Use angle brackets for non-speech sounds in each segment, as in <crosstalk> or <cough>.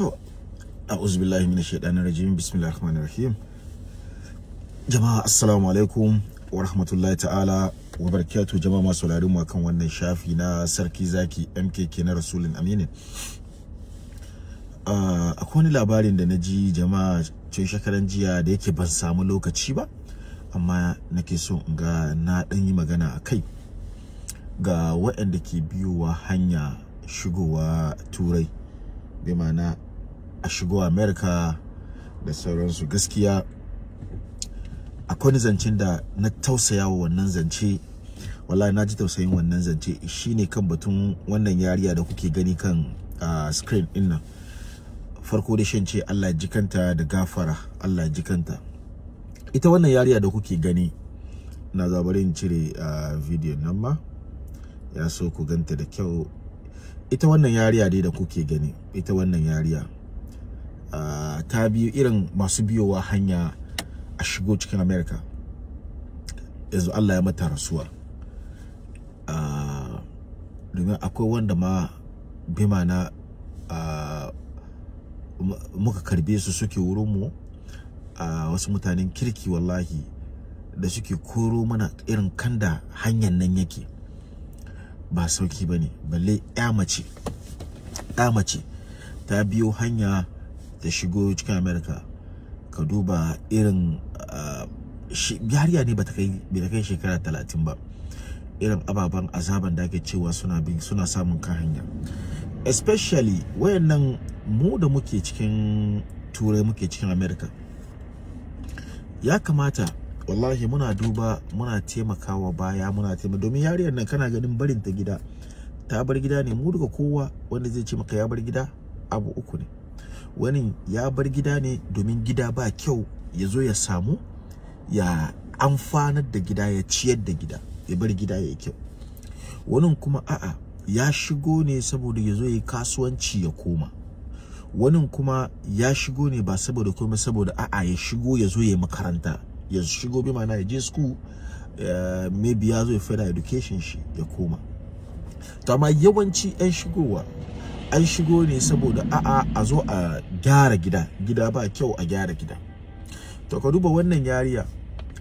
To, a'udhu billahi minash shaitanir rajim. Bismillahir rahmanir rahim. Jama'a assalamu alaikum wa rahmatullahi ta'ala wa barakatuh. Jama'a masu sauraron mu kan wannan shafi na Sarki Zaki MKK na Rasulun Aminin. Uh, ah, akwai wani labarin da na ji jama'a ce shakaran jiya da yake ban samu lokaci ba amma nake so in ga na ɗan yi magana a kai ga waɗanda ke biyowa hanya shigowa turai bi ma'ana a shigo america da sauransu gaskiya akwai zancen da na tausaya wa wannan zance wallahi na ji tausayin wannan zance shine kan batun wannan yariya da kuke gani kan screen din nan farko da shan ce Allah jikanta da gafara Allah jikanta ita wannan yariya da kuke gani na zabarin cire video nan ma ya so ku ganta da kyau ita wannan yariya dai da kuke gani ita wannan yariya ta biyu irin masu biyowa hanya a shigo cikin america yanzu allah ya mata rasuwa domin akwai wanda ma bima na muka karbe su suke wurinmu a wasu mutanen kirki wallahi da suke koro mana irin kanda hanyar nan yake ba sauki ba ne balle ya mace ta biyo hanya ta shigo cikin america ka duba irin ah, yariya ne ba ta kai shekara talatin ba irin ababen azaban da ake cewa suna bin suna samun kan hanya especially wayannan mu da muke cikin turai muke cikin america ya kamata wallahi muna duba muna taimakawa baya muna taimaka domin yariyar nan kana ganin barinta gida ta bar gida ne mu daga kowa wanda zai ce maka ya bar gida abu uku ne wani ya bar gida ne domin gida ba kyau ya zo ya samu ya amfanar da gida ya ciyar da gida ya bar gida ya kyau wani kuma a'a ya shigo ne saboda ya zo ya kasuwanci ya koma wani kuma ya shigo ne ba saboda koma saboda a'a ya shigo ya zo ya makaranta ya shigo bi mana ya je school eh, maybe ya zo ya fada education shi ya koma to amma yawanci 'yan shigowa an shigo ne saboda a'a a zo a gyara gida gida ba kyau a gyara gida to ka duba wannan yariya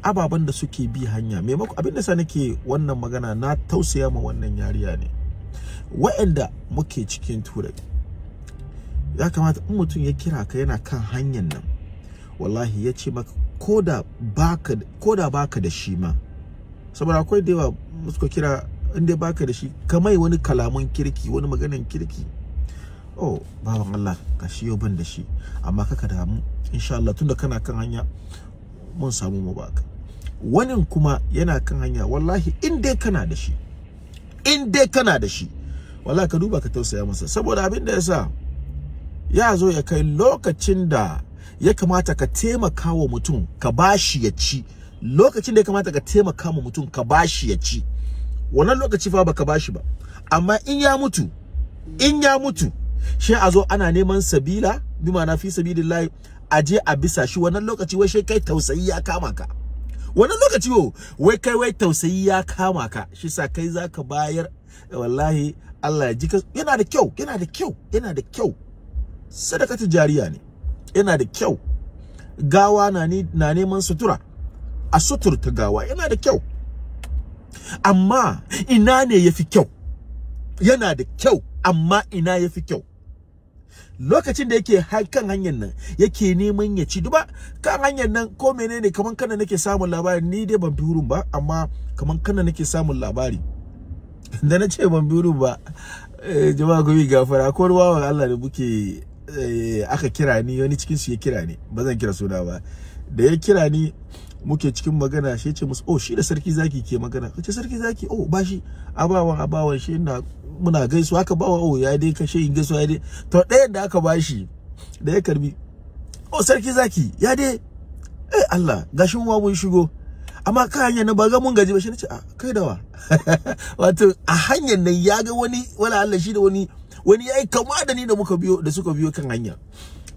ababen da suke bi hanya maimako abin da sa nake wannan magana na tausaya ma wannan yariya ne wa'anda muke cikin turai ya kamata in mutum ya kira ka yana kan hanyar nan wallahi ya ce maka koda baka koda baka da shi ma saboda akwai da yawa suka kira in baka da shi kamai wani kalaman kirki wani maganan kirki oh baban Allah ka shi yau ban da shi amma kaka damu insha Allah tunda kana kan hanya mun samu mu baka wanin kuma yana kan hanya wallahi in dai kana da shi in dai kana da shi wallahi ka duba ka tausaya masa saboda abin da yasa ya zo ya kai lokacin da ya kamata ka taimaka wa mutum ka bashi ya ci lokacin da ya kamata ka taimaka wa mutum ka bashi ya ci wannan lokaci fa baka bashi ba amma in ya mutu in ya mutu Shi a zo ana neman sabila bi na fi sabilillahi a je a bisa shi wannan lokaci wai shi kai tausayi ya kama ka wannan lokaci wo wai kai wai tausayi ya kama ka shi sa kai zaka bayar eh, wallahi Allah ya ji ka... yana da kyau yana da kyau yana da kyau sadakatu jariya ne yana da kyau gawa na ne na neman sutura a suturta gawa yana da kyau amma ina ne yafi kyau yana da kyau amma ina yafi kyau lokacin da yake kan hanyar nan yake neman ya ci duba kan hanyar nan ko menene kaman kana nake samun labari ni dai ban fi ba amma kaman kana nake samun labari da na ce ban fi ba eh, jama'a gobe gafara ko ruwa wa Allah da buke eh, aka kira ni wani cikin su ya kira ni ba zan kira suna ba da ya kira ni muke cikin magana shi ya ce musu oh shi da sarki zaki ke magana ce sarki zaki oh ba shi abawan abawan shi ina muna gaisuwa aka bawa wa oh, ya dai kashe in gaisu ya dai to ɗaya da aka bashi da ya karbi oh sarki zaki ya dai eh Allah gashi mu mun shigo amma ka hanya na ba ga mun gaji ba shi nace a ah, kai dawa <laughs> wato a hanyar nan ya ga wani wala Allah shi da wani wani yayi kama da ni da muka biyo da suka biyo kan hanya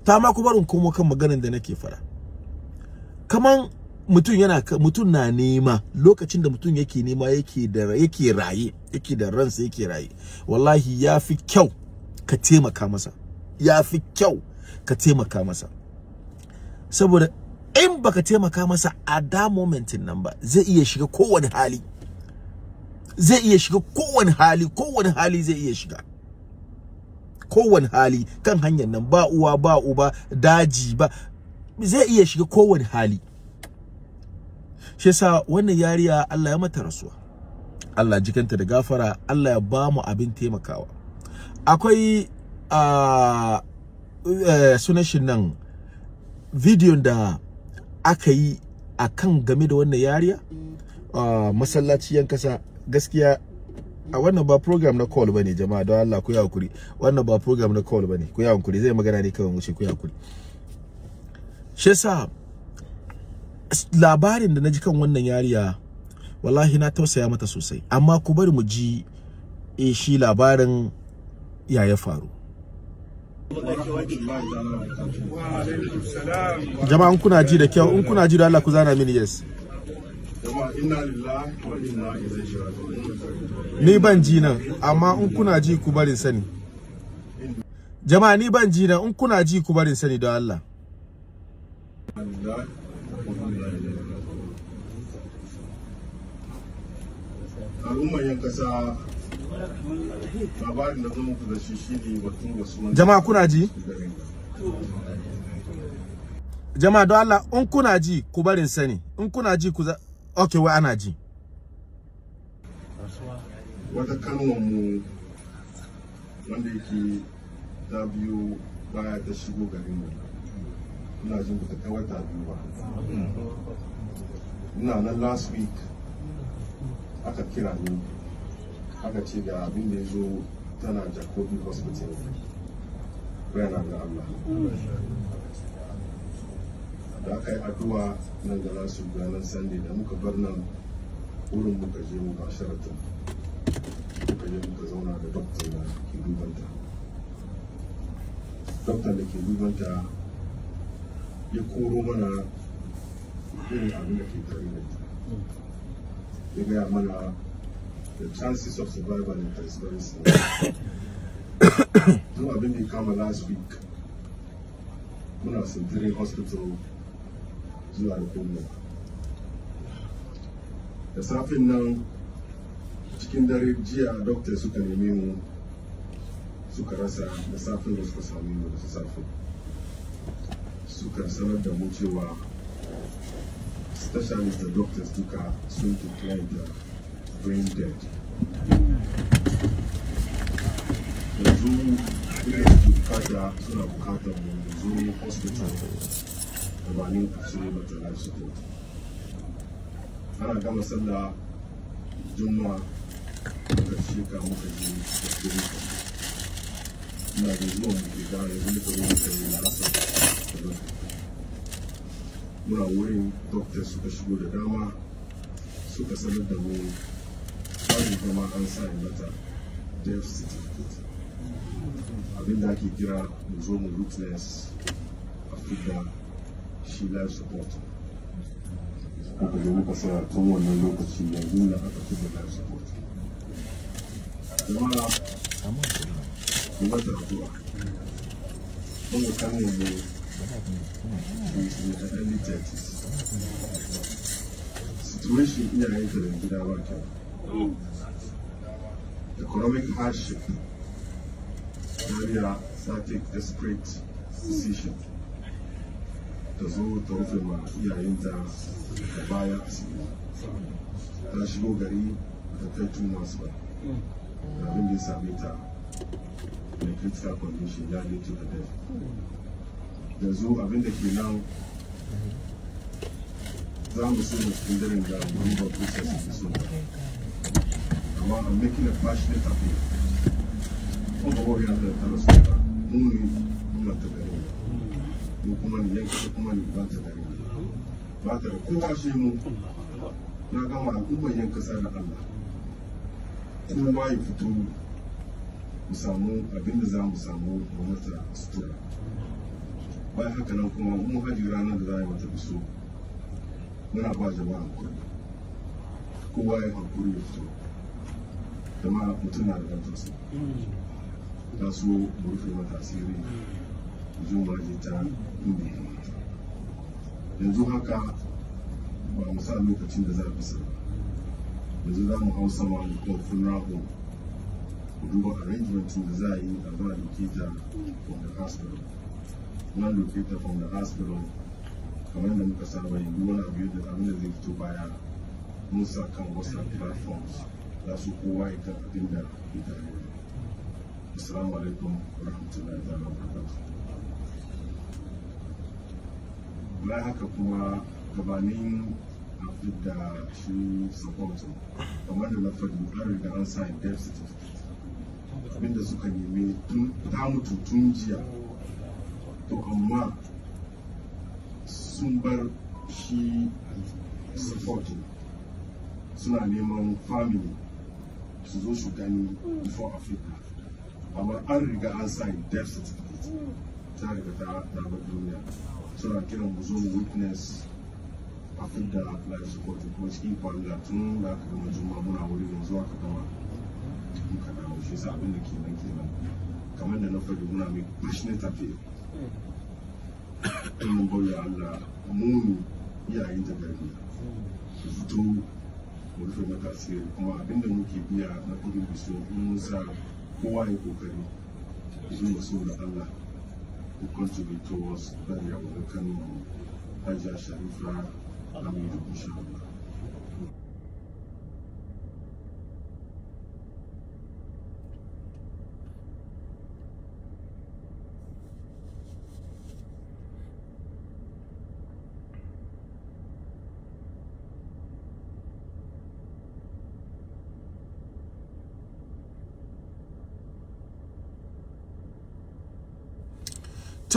ta ma ku barin komo kan maganar da nake fara kaman mutum yana mutum na nema lokacin da mutum yake nema yake da yake raye yake da ransa yake raye wallahi yafi kyau ka taimaka masa yafi kyau ka taimaka masa saboda in baka taimaka masa a da momentin nan ba zai iya shiga kowane hali zai iya shiga kowane hali kowane hali zai iya shiga kowane hali kan hanyar nan ba uwa ba uba daji ba zai iya shiga kowane hali shi yasa wannan yariya Allah ya mata rasuwa Allah jikanta da gafara Allah ya ba mu abin taimakawa akwai a eh, sunan shi nan bidiyon da aka yi a kan game da wannan yariya masallaci yan kasa gaskiya a wannan ba program na call bane jama'a don Allah ku yi hakuri wannan ba program na call bane ku yi hakuri zai magana ne kawai mu ce ku yi hakuri shi yasa labarin da na ji kan wannan yariya wallahi na tausaya mata sosai amma ku bari mu ji e shi labarin ya ya faru jama'an kuna ji da kyau in kuna ji da Allah ku zana mini yes ni ban ji nan amma in kuna ji ku barin sani jama'a ni ban ji nan in kuna ji ku barin sani don Allah al'ummar yan kasa labarin da zan muku da shi shine batun rasuwan jama'a kuna ji jama'a don Allah in kuna ji ku barin sani in kuna ji ku okay wai ana ji wata kanwar mu wanda yake ta biyu baya ta shigo garin mu ina jin ba ta kawata biyu ba ina nan last week aka kira ni aka ce ga abin da ya zo tana jacobi hospital bayan ga allah da aka yi addu'a nan da nasu ganin sande da muka bar nan wurin muka je mu ba sharatin muka je muka zauna da doktor da ke dubanta doktor da ke dubanta ya koro mana irin abin da ke tare da ita maybe I'm going the chances of survival is very small. I've been in Kama last week. When I was in Tiri Hospital, Zuwa The Da safin nan cikin dare jiya doctor suka neme mu suka you? da safin The suka same mu da safin. Suka sanar da mu specialists, the doctors took her soon declared her brain dead. The Zulu village to Bukata, Suna Bukata, the Zulu hospital, the Bani Kasuri Mata Life Support. Ana gama sallah Juma'a da shirka muka ji da kuri ina da zuwa muke da yanzu muka yi muka the na muna wurin doctor suka shigo da dama suka sanar da mu tsarin zama an sa mata death certificate abinda ake kira mu zo mu witness a fidda shi life support aka zo muka sa tun wannan lokaci yanzu na aka fidda life support kuma kuma ta zuwa kuma kan ne. the early 30s. Situation iyayen da gida ba kyau. Economic hardship, Zaria ta take desperate decision ta zo ta rufe ma iyayenta da baya asibiti. Ta shigo gari da ta two months ba. Da abin da ya same ta critical condition ya lead to her death. yanzu abinda ke nan za mu so cikin daren da wani ba kusa su so amma I'm making a passionate appeal kuma ba wani da ta rasu ba mun ne muna ta gare mu kuma ni yanka kuma ni ba ta gare ba ta da kowa shi mu na gama al'ummar yanka sa da Allah kowa ya fito mu samu abinda za mu samu gwamnati sutura bayan haka nan kuma mun haji ranar da za a yi mata iso muna ba jama'a hankuri kowa ya hankuri ya fito jama'a mutum na da kantarsa ta so mu rufe mata asiri zuwa je ta inda ya kamata yanzu haka ba mu sa lokacin da za a fisa yanzu za mu hau sama da kuma funeral home ku duba arrangement da za a yi a ba da ke ta wanda hospital nan located from the hospital kamar da muka saba yi duk wani abu da abin da zai fito baya mun sa kan whatsapp platforms za su kowa ya kan abin da ya tare assalamu alaikum warahmatullahi ta'ala wabarakatuh bayan haka kuma gabanin afid da shi sapoto kamar da na faɗi an riga an sa in abinda suka nemi ta mutu tun jiya to amma sun bar shi supporting suna neman family su zo su gani before africa amma an riga an sign death certificate ta riga ta dabar duniya suna kiran mu zo witness a da life support kuma cikin kwanga tun da aka gama juma muna wuri yanzu aka gama muka dawo shi sa abin da ke nan kenan kamar da na faɗi muna mai passionate appeal mun bauya Allah muni iyayen jagariya su fito mu rufe mata asiri kuma abinda muke biya na kudin biso mun sa kowa ya kokari zo mu so da Allah to contribute towards burial of the Kano Hajar Sharifa Hamidu insha Allah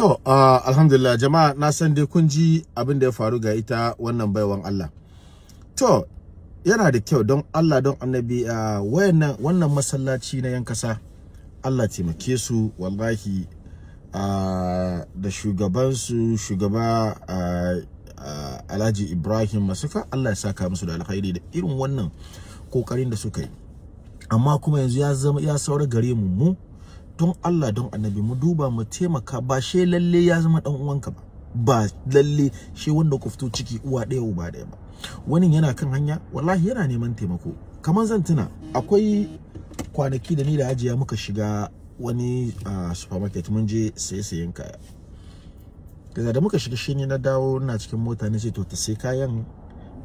To, uh, alhamdulillah jama'a na san dai kun ji abin da ya faru ga ita wannan baiwan Allah. To, yana da kyau don Allah don annabi uh, wannan masallaci na yan kasa. Allah taimake su wallahi uh, da su shugaba uh, uh, Alhaji Ibrahim Masifa Allah ya saka musu da alkhairi da irin wannan kokarin da suka yi. Amma kuma yanzu ya zama ya saura gare mu mu don Allah don annabi mu duba mu taimaka ba she lalle ya zama dan uwanka ba ba lalle she wanda ku fito ciki uwa ɗaya uba ɗaya ba wani yana kan hanya wallahi yana neman taimako kamar zan tuna akwai kwanaki da ni da hajiya muka shiga wani supermarket mun je saye-sayen kaya daga da muka shiga shine na dawo na cikin mota ne sai to ta sai kayan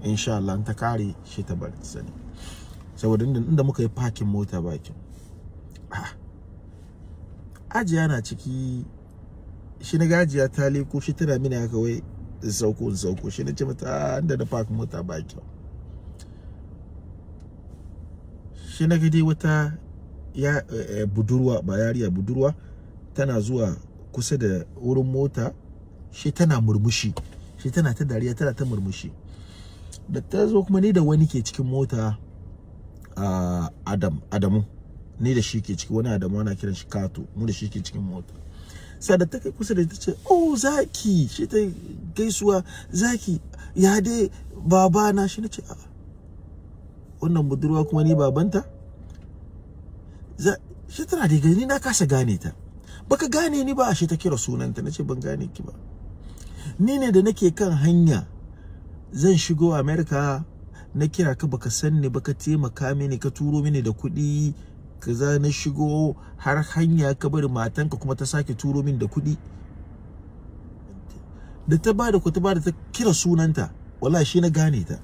insha Allah ta kare shi ta bar sani saboda inda muka yi parking mota bakin ah ajiya na ciki shi na gajiya ta leko shi tana mini haka wai in sauko in sauko shi na ce mata ah, inda da park mota ba kyau shi na gidi wata ya eh, budurwa ba yariya budurwa tana zuwa kusa da wurin mota shi tana murmushi shi tana ta dariya tana ta murmushi da ta zo kuma ni da wani ke cikin mota a ah, adam adamu ni da shi ke ciki wani adamu ana kiran shi kato mu da shi ke cikin mota da ta kai kusa da ta ce oh zaki shi ta gaisuwa zaki ya dai baba na shi nace a wannan budurwa kuma ni babanta Za shi tana da gani na kasa gane ta baka gane ni ba shi ta kira sunanta nace ban gane ki ba ni ne da nake kan hanya zan shigo america na kira ka baka san ni baka taimaka mini ka turo mini da kuɗi za na shigo har hanya ka bari matanka kuma ta sake turo min da kuɗi da ta ba da ku ta ba da ta kira sunanta wallahi shi na gane ta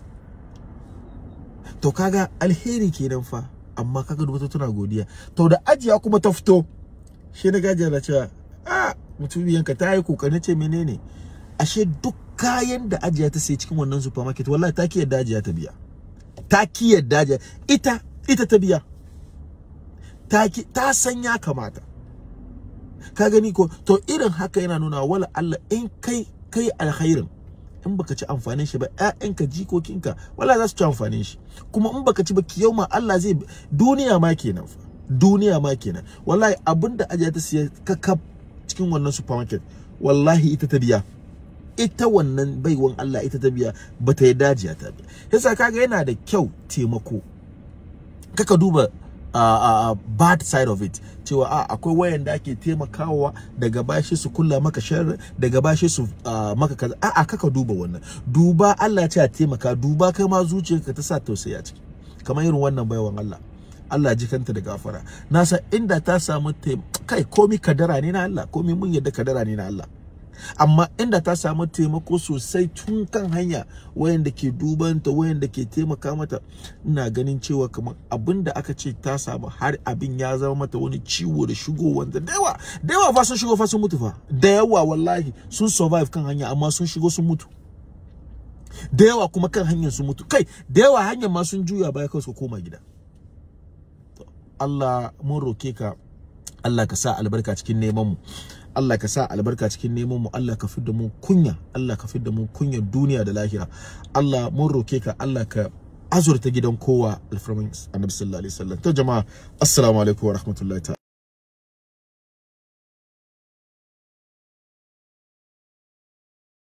to kaga alheri kenan fa amma kaga da wata tana godiya to da ajiya kuma ta fito shi na gajiya na cewa a mutumiyanka ta yi kokarin ce menene ashe duk kayan da ajiya ta sai cikin wannan supermarket wallahi ta ki yadda ajiya ta biya ta ki yadda ajiya ita ita ta biya ta ta san ya kamata ka gani ko to irin haka yana nuna wala Allah in kai kai alkhairin in baka ci amfanin shi ba ƴaƴanka jikokinka wala za su ci amfanin shi kuma in baka ci ba kiyauma Allah zai duniya ma kenan fa duniya ma kenan wallahi abinda ajiya ta siya kakab cikin wannan supermarket wallahi ita ta biya ita wannan baiwan Allah ita ta biya ba ta yi dajiya ta biya yasa kaga yana da kyau taimako kaka duba a bad side of it cewa a akwai wayanda ake taimakawa daga bashi su kulla maka sharri daga bashi su maka kaza a a kaka duba wannan duba Allah ya ce a taimaka duba kai ma zuciyarka ta sa tausayi ciki kamar irin wannan baiwan Allah Allah ji kanta da gafara na san inda ta samu kai komi kadara ne na Allah komi mun yadda kadara ne na Allah amma inda ta samu taimako sosai tun kan hanya wayanda ke dubanta wayanda ke taimaka mata ina ganin cewa kamar abin da aka ce ta samu har abin ya zama mata wani ciwo da shigo wanda da yawa fa sun shigo fa sun mutu fa da yawa wallahi sun survive kan hanya amma sun shigo sun mutu da yawa kuma kan hanyar sun mutu kai da yawa hanyar ma sun juya baya kawai su koma gida Allah mun roke ka Allah ka sa albarka cikin neman mu Allah ka sa albarka cikin neman mu Allah ka fidda mu kunya Allah ka fidda mu kunya duniya da lahira Allah mun roke ka Allah ka azurta gidan kowa alfarmin annabi sallallahu alaihi wasallam to jama'a assalamu alaikum wa rahmatullahi